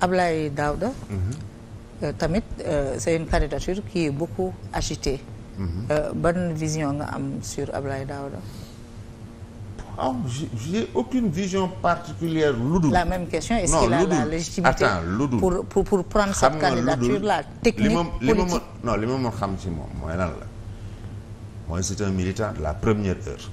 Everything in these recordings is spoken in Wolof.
Ablaye Daouda mhm. euh, tamit euh, c'est une candidature qui est beaucoup agitée mhm. euh, ban vision nga am sur Ablaye Daouda ah j'ai aucune vision particulière ludul. la même question est-ce qu'il a la légitimité pour pour pour prendre cette candidature là technique politique li ma mën xam ci moom mooy lan la mooy c'est un militant de la première heure.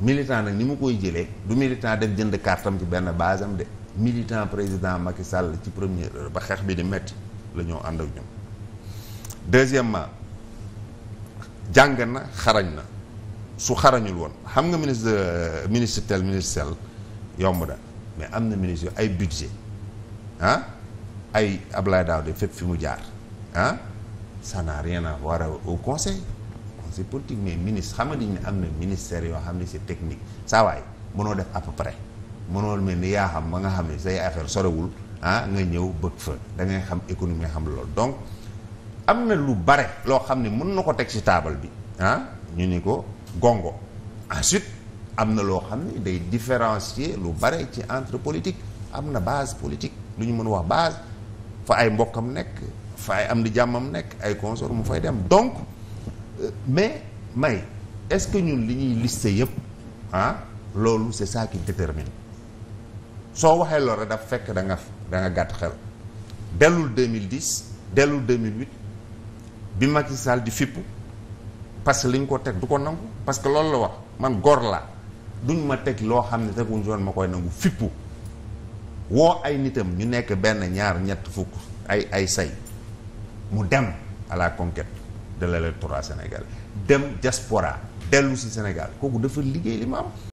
militant nag ni mu koy jëlee du militant dem jënd carte ci benn base de. militant président Macky Sall ci premier heure ba xeex bi di metti la ñoo ànd ak ñun deuxièmement jàng na xarañ na su xarañul woon xam nga ministre ministre tel ministre sel yomb na mais am na ministre ay budget ah ay Abdoulaye Daouda fépp fi mu jaar ah ça n'a rien à au conseil conseil politique mais ministre xam nga ni am na ministère yoo xam ne c'est technique saa waay mënoo def à peu près mënool mel ni yaa xam ba nga xam ne say affaire sorewul ah nga ñëw bëgg fa da ngay xam économie nga xam loolu donc am na lu bare loo xam ne mën na ko teg ci taabal bi ah ñu ni ko gongo ensuite am na loo xam ne day différencier lu bare ci entre politique am na base politique lu ñu mën wax base fa ay mbokkam nekk fa ay am di jàmmam nekk ay consort mu fay dem donc euh, mais may est-ce que ñun li ñuy liste yëpp ah loolu c'est ça qui détermine soo waxee loolu dafa fekk da nga da nga gàtt xel dellul 2010 dellul 2008 bi Macky Sall di fippu parce que li ñu ko teg du ko nangu parce que loolu la wax man góor la duñ ma teg loo xam ne teguñ yoon ma koy nangu fippu woo ay nitam ñu nekk benn ñaar ñett fukk ay ay say mu dem à la conquête de l'électorat sénégalais dem diaspora dellu si Sénégal kooku dafa liggéey li ma am